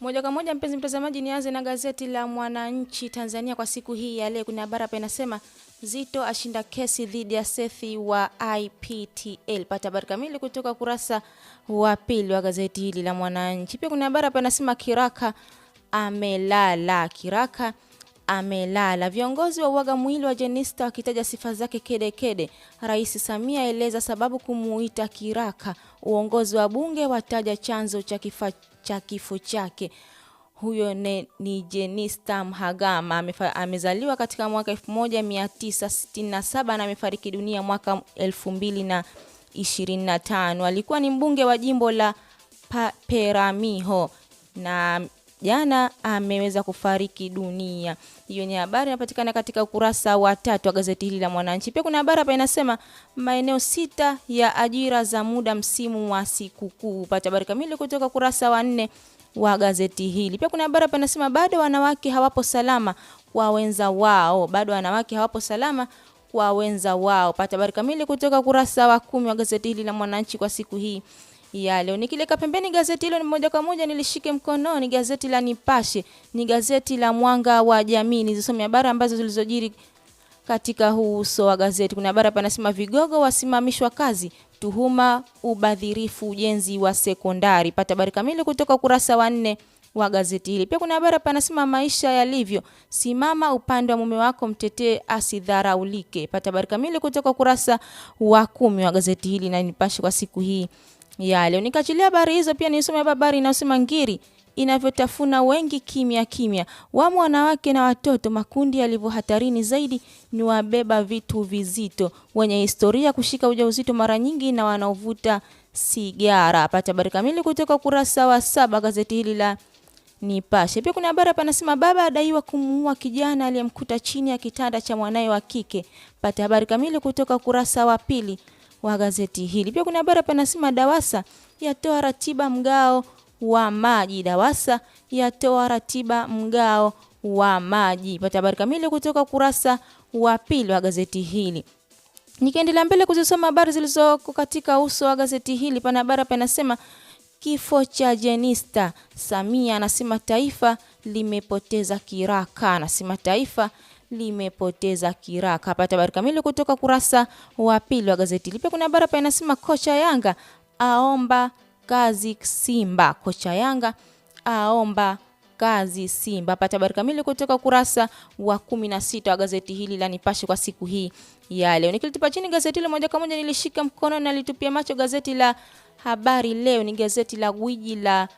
Moja kwa moja mpenzi mtazamaji, nianze na gazeti la Mwananchi Tanzania kwa siku hii ya leo. Kuna habari hapa inasema Zito ashinda kesi dhidi ya Sethi wa IPTL. Pata habari kamili kutoka kurasa wa pili wa gazeti hili la Mwananchi. Pia kuna habari hapa inasema Kiraka amelala, Kiraka amelala. Viongozi wa uaga mwili wa Jenista wakitaja sifa zake kedekede. Rais Samia aeleza sababu kumuita Kiraka. Uongozi wa bunge wataja chanzo cha kifaa cha kifo chake. Huyo ne, ni Jenista Mhagama amezaliwa katika mwaka 1967 na amefariki dunia mwaka 2025. Alikuwa ni mbunge wa jimbo la Peramiho na jana ameweza kufariki dunia. Hiyo ni habari inapatikana katika ukurasa wa tatu wa gazeti hili la Mwananchi. Pia kuna habari hapa inasema maeneo sita ya ajira za muda msimu wa sikukuu. Pata habari kamili kutoka ukurasa wa nne wa gazeti hili. Pia kuna habari hapa inasema bado wanawake hawapo salama kwa wenza wao, bado wanawake hawapo salama kwa wenza wao. Pata habari kamili kutoka ukurasa wa kumi wa gazeti hili la Mwananchi kwa siku hii leo. Nikileka pembeni gazeti hilo, ni moja kwa moja nilishike mkononi gazeti la Nipashe, ni gazeti la Mwanga wa Jamii. Nizisome habari ambazo zilizojiri katika huu uso wa gazeti. Kuna habari hapa nasema, vigogo wasimamishwa kazi, tuhuma ubadhirifu ujenzi wa sekondari. Pata habari kamili kutoka ukurasa wa nne wa gazeti hili. Pia kuna habari hapa nasema, maisha yalivyo, simama upande wa mume wako, mtetee asidharaulike. Pata habari kamili kutoka ukurasa wa kumi wa gazeti hili na Nipashe kwa siku hii yale. Nikachilia habari hizo pia nisome habari inayosema ngiri inavyotafuna wengi kimya kimya, wamo wanawake na watoto. Makundi yalivyo hatarini zaidi ni wabeba vitu vizito, wenye historia kushika ujauzito mara nyingi na wanaovuta sigara. Pata habari kamili kutoka ukurasa wa saba gazeti hili la Nipashe. Pia kuna habari hapa nasema baba adaiwa kumuua kijana aliyemkuta chini ya kitanda cha mwanaye wa kike. Pata habari kamili kutoka ukurasa wa pili wa gazeti hili. Pia kuna habari hapa inasema DAWASA yatoa ratiba mgao wa maji. DAWASA yatoa ratiba mgao wa maji. Pata habari kamili kutoka kurasa wa pili wa gazeti hili. Nikiendelea mbele kuzisoma habari zilizoko katika uso wa gazeti hili, pana habari hapa inasema Kifo cha Jenista. Samia anasema taifa limepoteza kiraka, anasema taifa limepoteza kiraka. Pata habari kamili kutoka kurasa wa pili wa gazeti lipe. Kuna habari hapa inasema kocha Yanga aomba kazi Simba. Kocha Yanga aomba kazi Simba. Pata habari kamili kutoka kurasa wa kumi na sita wa gazeti hili la Nipashe kwa siku hii ya leo. Nikilitupa chini gazeti hilo moja kwa moja, nilishika mkono na litupia macho gazeti la Habari Leo, ni gazeti la gwiji la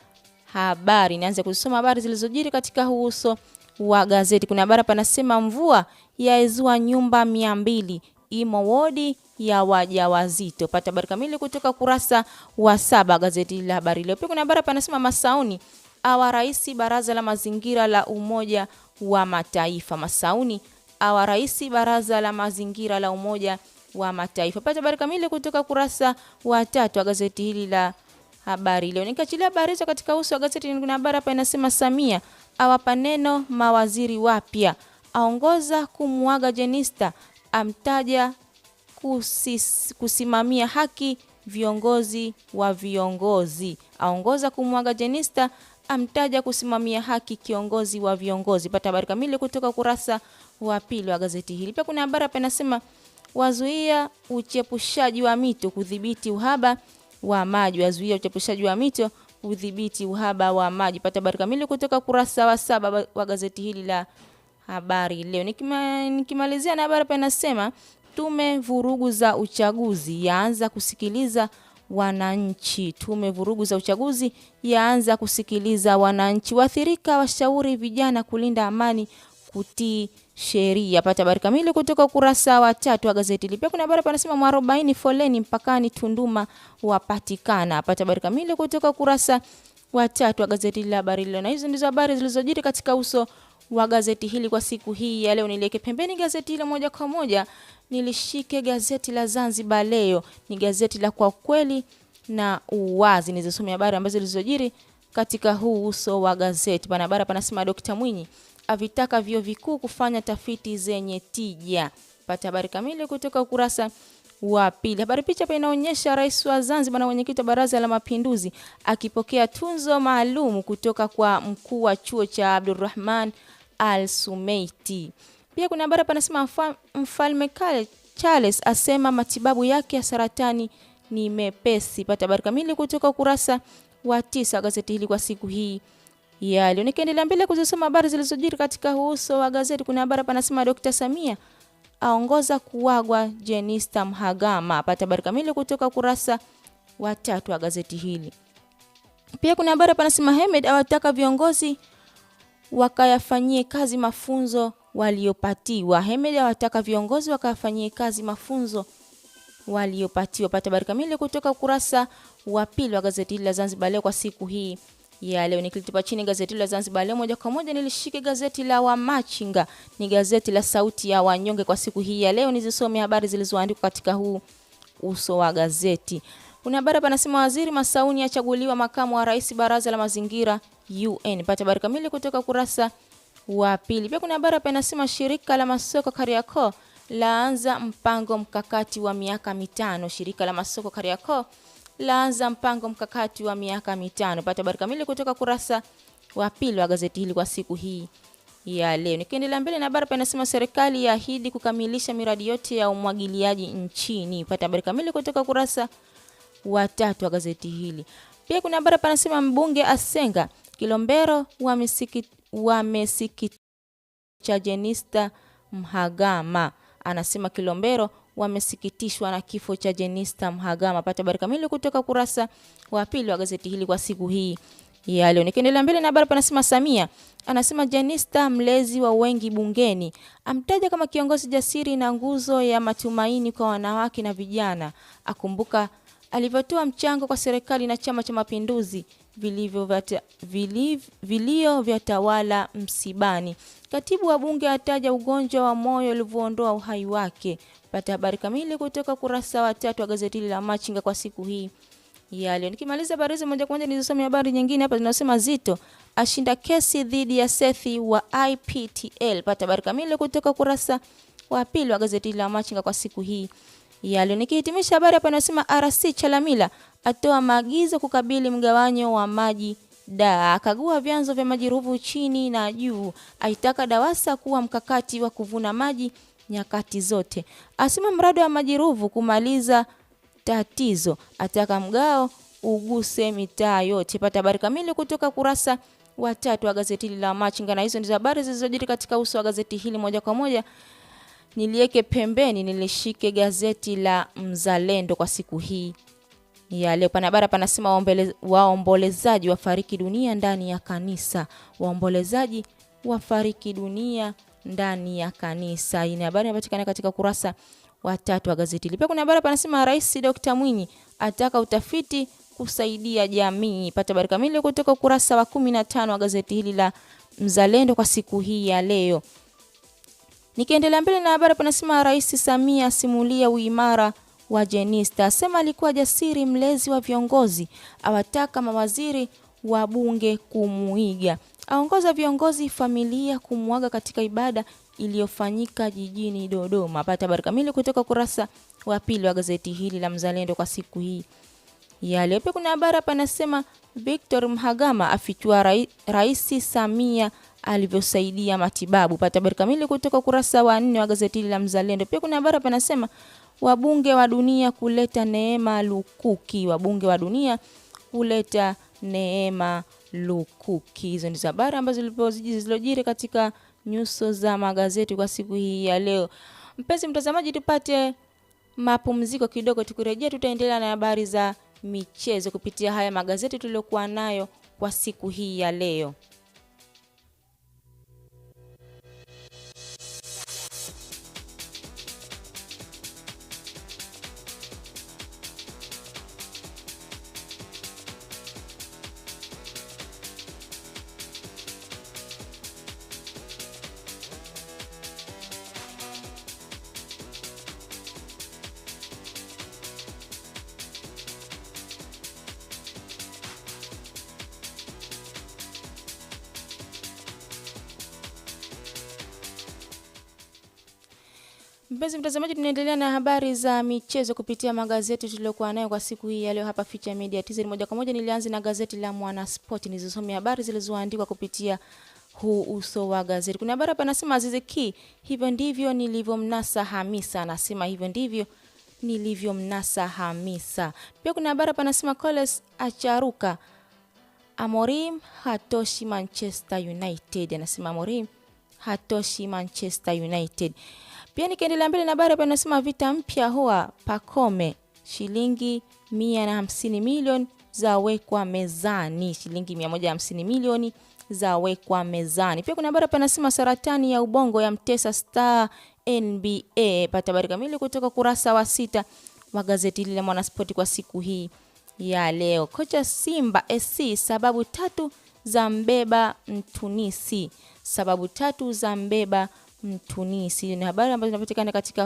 habari. Nianze kusoma habari zilizojiri katika uso wa gazeti. Kuna habari panasema mvua yaezua nyumba mia mbili imo wodi ya wajawazito. Pata habari kamili kutoka kurasa wa saba gazeti la habari leo. Pia kuna habari panasema Masauni awa rais baraza la mazingira la Umoja wa Mataifa. Masauni awa rais baraza la mazingira la Umoja wa Mataifa. Pata habari kamili kutoka kurasa wa tatu wa gazeti hili la habari leo. Nikiachilia habari hizo katika uso wa gazeti, kuna habari hapa inasema Samia awapa neno mawaziri wapya, aongoza kumwaga Jenista, amtaja kusis, kusimamia haki viongozi wa viongozi, aongoza kumwaga Jenista, amtaja kusimamia haki kiongozi wa viongozi. Pata habari kamili kutoka ukurasa wa pili wa gazeti hili. Pia kuna habari hapa inasema wazuia uchepushaji wa mito kudhibiti uhaba wa maji, wazuia uchapishaji wa mito, udhibiti uhaba wa maji. Pata habari kamili kutoka kurasa wa saba wa gazeti hili la habari leo. Nikima, nikimalizia na habari hapa inasema tume vurugu za uchaguzi yaanza kusikiliza wananchi. Tume vurugu za uchaguzi yaanza kusikiliza wananchi. Waathirika washauri vijana kulinda amani kutii sheria. Pata habari kamili kutoka ukurasa wa tatu wa gazeti hili. Pia kuna habari hapa nasema mwarobaini foleni mpakani Tunduma wapatikana. Pata habari kamili kutoka ukurasa wa tatu wa gazeti la habari leo, na hizo ndizo habari zilizojiri katika uso wa gazeti hili kwa siku hii ya leo. Niliweke pembeni gazeti hili moja kwa moja, nilishike gazeti la Zanzibar Leo. Ni gazeti la kwa kweli na uwazi, nizisome habari ambazo zilizojiri katika huu uso wa gazeti. Bana habari panasema Dr. Mwinyi avitaka vyuo vikuu kufanya tafiti zenye tija. Pata habari kamili kutoka ukurasa wa pili. Habari picha hapa inaonyesha Rais wa Zanzibar na mwenyekiti wa Baraza la Mapinduzi akipokea tunzo maalum kutoka kwa mkuu wa chuo cha Abdulrahman Al Sumeiti. Pia kuna habari hapa anasema Mfalme Kale Charles asema matibabu yake ya saratani ni mepesi. Pata habari kamili kutoka ukurasa wa tisa wa gazeti hili kwa siku hii ya leo. Nikiendelea mbele kuzisoma habari zilizojiri katika uso wa gazeti, kuna habari hapa nasema Dr. Samia aongoza kuwagwa Jenista Mhagama. Pata habari kamili kutoka kurasa wa tatu wa gazeti hili. Pia kuna habari hapa nasema Hemed awataka viongozi wakayafanyie kazi mafunzo waliopatiwa. Hemed awataka viongozi wakayafanyie kazi mafunzo waliopatiwa. Pata habari kamili kutoka ukurasa wa pili wa gazeti hili la Zanzibar Leo kwa siku hii ya leo. Nikilitupa chini gazeti la Zanzibar Leo, moja kwa moja nilishike gazeti la Wamachinga, ni gazeti la sauti ya wanyonge kwa siku hii ya leo. Nizisome habari zilizoandikwa katika huu uso wa gazeti. Kuna habari panasema, waziri Masauni achaguliwa makamu wa rais baraza la mazingira UN. Pata habari kamili kutoka kurasa wa pili. Pia kuna habari hapa inasema shirika la masoko Kariakoo laanza mpango mkakati wa miaka mitano. Shirika la masoko Kariakoo laanza mpango mkakati wa miaka mitano. Pata habari kamili kutoka kurasa wa pili wa gazeti hili kwa siku hii ya leo. Nikiendelea mbele na habari hapa inasema serikali yaahidi kukamilisha miradi yote ya umwagiliaji nchini. Pata habari kamili kutoka kurasa wa tatu wa gazeti hili. Pia kuna habari hapa mbunge asenga Kilombero wamesikitisha Jenista Mhagama anasema Kilombero wamesikitishwa na kifo cha Jenista Mhagama. Pata habari kamili kutoka kurasa wa pili wa gazeti hili kwa siku hii ya leo. Nikiendelea mbele na habari, panasema Samia anasema Jenista mlezi wa wengi bungeni, amtaja kama kiongozi jasiri na nguzo ya matumaini kwa wanawake na vijana, akumbuka alivyotoa mchango kwa serikali na Chama cha Mapinduzi, vilio vya tawala msibani. Katibu wa Bunge ataja ugonjwa wa moyo ulivyoondoa uhai wake. Pata habari kamili kutoka kurasa wa tatu wa gazeti hili la Machinga kwa siku hii ya leo. Nikimaliza habari hizo moja kwa moja nizisome habari nyingine hapa zinasema, Zito ashinda kesi dhidi ya Sethi wa IPTL. Pata habari kamili kutoka kurasa wa pili wa gazeti la Machinga kwa siku hii yale. Nikihitimisha habari hapa inasema RC Chalamila atoa maagizo kukabili mgawanyo wa maji da akagua vyanzo vya maji Ruvu chini na juu, aitaka DAWASA kuwa mkakati wa kuvuna maji nyakati zote, asema mradi wa maji Ruvu kumaliza tatizo, ataka mgao uguse mitaa yote. Pata habari kamili kutoka kurasa wa tatu wa gazeti hili la Machinga, na hizo ndizo habari zilizojiri katika uso wa gazeti hili moja kwa moja niliweke pembeni, nilishike gazeti la Mzalendo kwa siku hii ya leo. Pana bara panasema waombolezaji wafariki dunia ndani ya kanisa, waombolezaji wafariki dunia ndani ya kanisa. Hii ni habari inapatikana katika kurasa wa tatu wa gazeti hili. Pia kuna habari panasema Rais Dr. Mwinyi ataka utafiti kusaidia jamii. Pata habari kamili kutoka ukurasa wa 15 wa gazeti hili la Mzalendo kwa siku hii ya leo. Nikiendelea mbele na habari, panasema Rais Samia asimulia uimara wa Jenista, asema alikuwa jasiri, mlezi wa viongozi, awataka mawaziri wa bunge kumuiga, aongoza viongozi familia kumwaga katika ibada iliyofanyika jijini Dodoma. Pata habari kamili kutoka kurasa wa pili wa gazeti hili la Mzalendo kwa siku hii ya leo. Pia kuna habari hapa inasema Victor Mhagama afichua rais Samia alivyosaidia matibabu. Pata habari kamili kutoka ukurasa wa nne wa gazeti la Mzalendo. Pia kuna habari panasema wabunge wa dunia kuleta neema lukuki, wabunge wa dunia kuleta neema lukuki. Hizo ni habari ambazo zilizojiri katika nyuso za magazeti kwa siku hii ya leo. Mpenzi mtazamaji, tupate mapumziko kidogo, tukurejea tutaendelea na habari za michezo kupitia haya magazeti tuliyokuwa nayo kwa siku hii ya leo. Mpenzi mtazamaji, tunaendelea na habari za michezo kupitia magazeti tuliyokuwa nayo kwa siku hii ya leo hapa Future Media TZ. Moja kwa moja nilianze na gazeti la Mwanaspoti, nilizosomea habari zilizoandikwa kupitia huu uso wa gazeti. Kuna habari hapa nasema, Azizi Ki, hivyo ndivyo nilivyomnasa Hamisa. Anasema hivyo ndivyo nilivyomnasa Hamisa. Pia kuna habari hapa nasema, Coles acharuka, Amorim hatoshi Manchester United. Anasema Amorim hatoshi Manchester United. Pia nikiendelea mbele na habari hapa inasema vita mpya huwa Pakome, shilingi 150 milioni zawekwa mezani, shilingi 150 milioni zawekwa mezani. Pia kuna habari hapa inasema saratani ya ubongo ya mtesa star NBA. Pata habari kamili kutoka kurasa wa sita wa gazeti hili la Mwanaspoti kwa siku hii ya leo. Kocha Simba SC sababu tatu za mbeba Mtunisi, sababu tatu za mbeba Mtunisi. Ni habari ambazo zinapatikana katika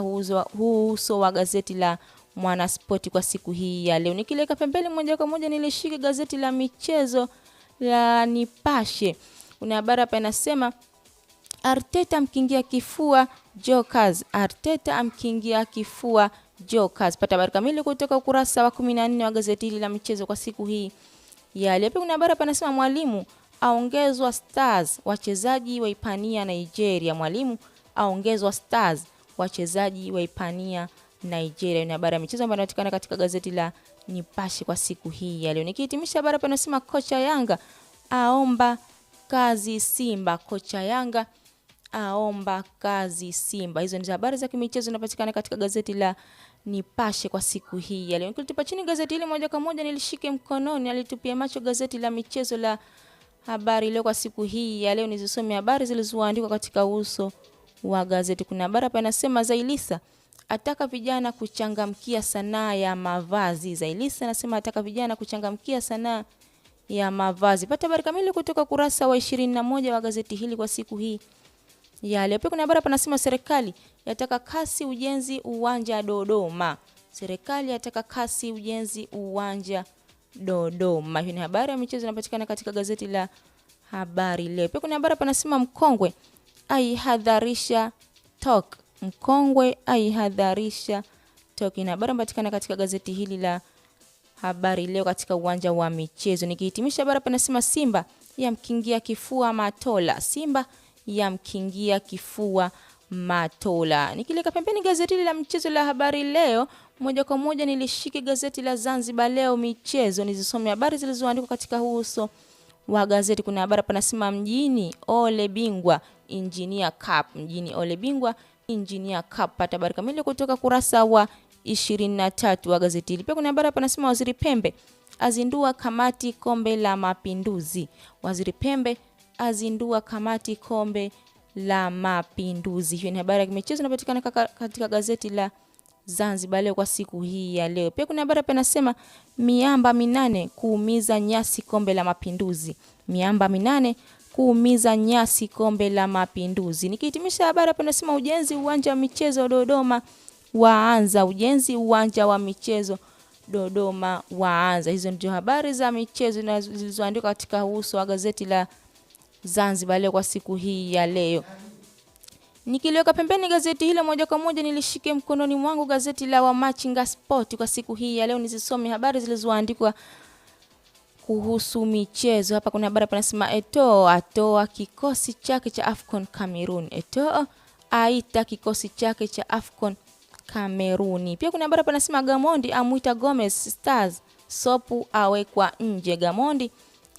huu uso wa gazeti la Mwanaspoti kwa siku hii ya leo. Nikileka pembeni moja kwa moja, nilishika gazeti la michezo la Nipashe. Una habari hapa inasema Arteta amkingia kifua Jokers. Arteta amkingia kifua Jokers. Pata habari kamili kutoka ukurasa wa 14 wa gazeti hili la michezo kwa siku hii ya leo. Pia kuna habari hapa inasema mwalimu aongezwa stars wachezaji waipania Nigeria. Mwalimu aongezwa stars wachezaji waipania Nigeria. Ni habari ya michezo ambayo inapatikana katika gazeti la Nipashe kwa siku hii ya leo. Nikihitimisha habari hapa, nasema kocha Yanga aomba kazi Simba. Kocha Yanga aomba kazi Simba. Hizo ni habari za kimichezo zinapatikana katika gazeti la Nipashe kwa siku hii ya leo. Nikilitupa chini gazeti hili moja kwa moja, nilishike mkononi, alitupia macho gazeti la michezo la Habari leo kwa siku hii ya leo nizisome habari zilizoandikwa katika uso wa gazeti. Kuna habari hapa inasema Zailisa ataka vijana kuchangamkia sanaa ya mavazi. Zailisa anasema ataka vijana kuchangamkia sanaa ya mavazi. Pata habari kamili kutoka kurasa wa 21 wa gazeti hili kwa siku hii ya leo. Pia kuna habari hapa inasema serikali yataka kasi ujenzi uwanja Dodoma. Serikali yataka kasi ujenzi uwanja Dodoma. Hii ni habari ya michezo inapatikana katika gazeti la Habari Leo. Pia kuna habari panasema mkongwe aihadharisha talk. Mkongwe aihadharisha talk. Ni habari inapatikana katika gazeti hili la Habari Leo katika uwanja wa michezo. Nikihitimisha, habari panasema Simba yamkingia kifua Matola. Simba yamkingia kifua Matola. Nikileka pembeni gazeti la michezo la Habari Leo moja kwa moja nilishiki gazeti la Zanzibar Leo michezo, nizisome habari zilizoandikwa katika uso wa gazeti. Kuna habari panasema mjini Ole Bingwa Engineer Cup, mjini Ole Bingwa Engineer Cup. Pata habari kamili kutoka kurasa wa 23 wa gazeti hili. Pia kuna habari panasema Waziri Pembe azindua kamati kombe la mapinduzi. Waziri Pembe azindua kamati kombe la mapinduzi. Hiyo ni habari ya michezo inapatikana katika gazeti la Zanzibar leo kwa siku hii ya leo. Pia kuna habari hapa inasema miamba minane kuumiza nyasi kombe la mapinduzi. Miamba minane kuumiza nyasi kombe la mapinduzi. Nikihitimisha habari hapa inasema ujenzi uwanja wa michezo Dodoma waanza. Ujenzi uwanja wa michezo Dodoma waanza. Hizo ndio habari za michezo zilizoandikwa katika uso wa gazeti la Zanzibar leo kwa siku hii ya leo. Nikiliweka pembeni gazeti hilo moja kwa moja, nilishike mkononi mwangu gazeti la Wamachinga Sport kwa siku hii ya leo, nizisome habari zilizoandikwa kuhusu michezo. Hapa kuna habari panasema, Eto'o atoa kikosi chake cha Afcon Cameroon. Eto'o aita kikosi chake cha Afcon Kameruni. Pia kuna habari nasema, Gamondi amwita Gomez Stars Sopu awekwa nje. Gamondi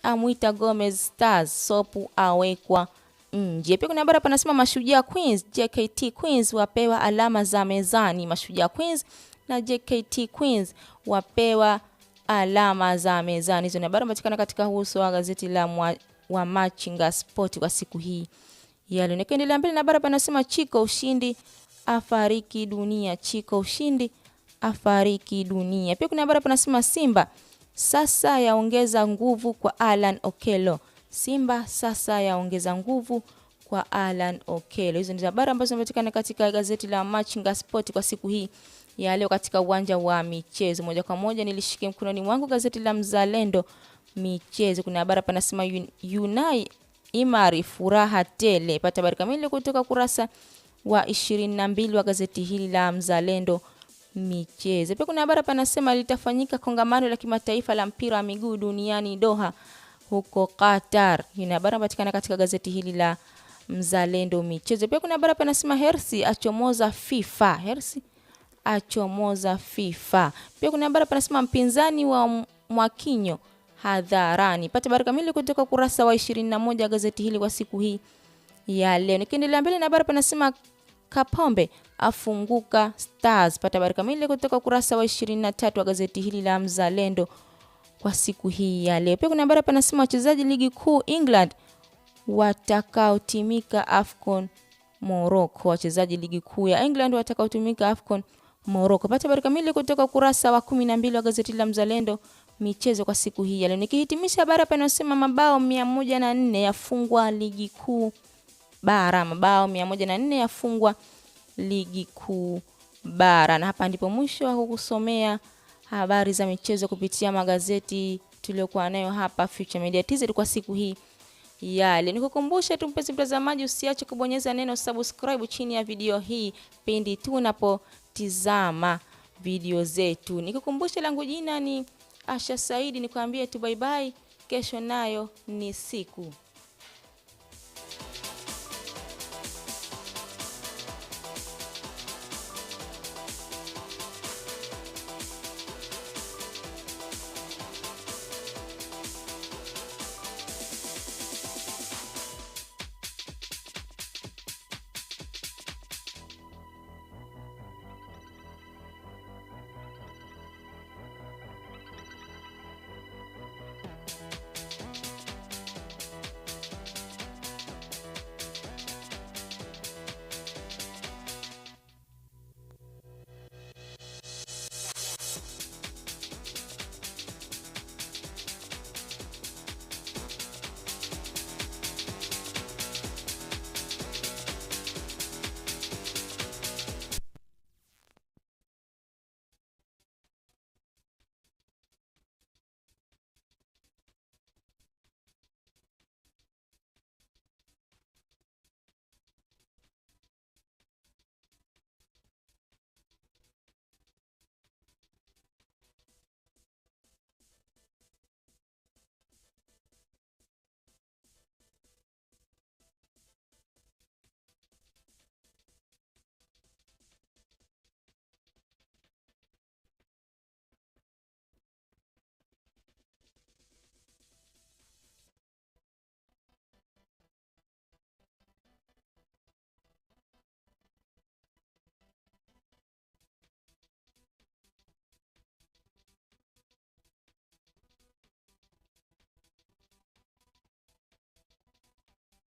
amwita Gomez Stars Sopu awekwa nje. Pia kuna habari hapa nasema Mashujaa Queens, JKT Queens wapewa alama za mezani. Mashujaa Queens na JKT Queens wapewa alama za mezani. Hizo ni habari patikana katika uso wa gazeti la mwa, wa Machinga Sport kwa siku hii ya leo. Nikaendelea mbele na habari hapa nasema Chiko Ushindi afariki dunia. Chiko Ushindi afariki dunia. Pia kuna habari hapa nasema Simba sasa yaongeza nguvu kwa Alan Okelo. Simba sasa yaongeza nguvu kwa Alan Okello. Hizo ni habari ambazo zinapatikana katika gazeti la Machinga Sport kwa siku hii ya leo katika uwanja wa michezo. Moja kwa moja nilishike mkononi mwangu gazeti la Mzalendo michezo. Kuna habari hapa nasema Unai Imari furaha tele. Pata habari kamili kutoka kurasa wa 22 wa gazeti hili la Mzalendo michezo. Pia kuna habari hapa nasema litafanyika kongamano la kimataifa la mpira wa miguu duniani Doha huko Qatar. Hii ni habari inapatikana katika gazeti hili la Mzalendo Michezo. Pia kuna habari panasema Hersi achomoza FIFA. Hersi achomoza FIFA. Pia kuna habari panasema mpinzani wa Mwakinyo hadharani. Pata habari kamili kutoka ukurasa wa 21 wa gazeti hili kwa siku hii ya leo. Nikiendelea mbele na habari panasema Kapombe afunguka Stars. Pata habari kamili kutoka ukurasa wa 23 wa gazeti hili la Mzalendo kwa siku hii ya leo. Pia kuna habari hapa nasema wachezaji ligi kuu England watakaotimika AFCON Morocco. Wachezaji ligi kuu ya England watakaotimika AFCON Morocco. Pata habari kamili kutoka kurasa wa 12 wa gazeti la Mzalendo michezo kwa siku hii ya leo. Nikihitimisha habari hapa inasema mabao 104 yafungwa ligi kuu bara, mabao 104 yafungwa ligi kuu bara, na hapa ndipo mwisho wa kukusomea habari za michezo kupitia magazeti tuliyokuwa nayo hapa Future Media TZ kwa siku hii ya Nikukumbushe tu mpenzi mtazamaji, usiache kubonyeza neno subscribe chini ya video hii pindi tu unapotizama video zetu. Nikukumbushe langu jina ni Asha Saidi, nikwambie tu bye bye, kesho nayo ni siku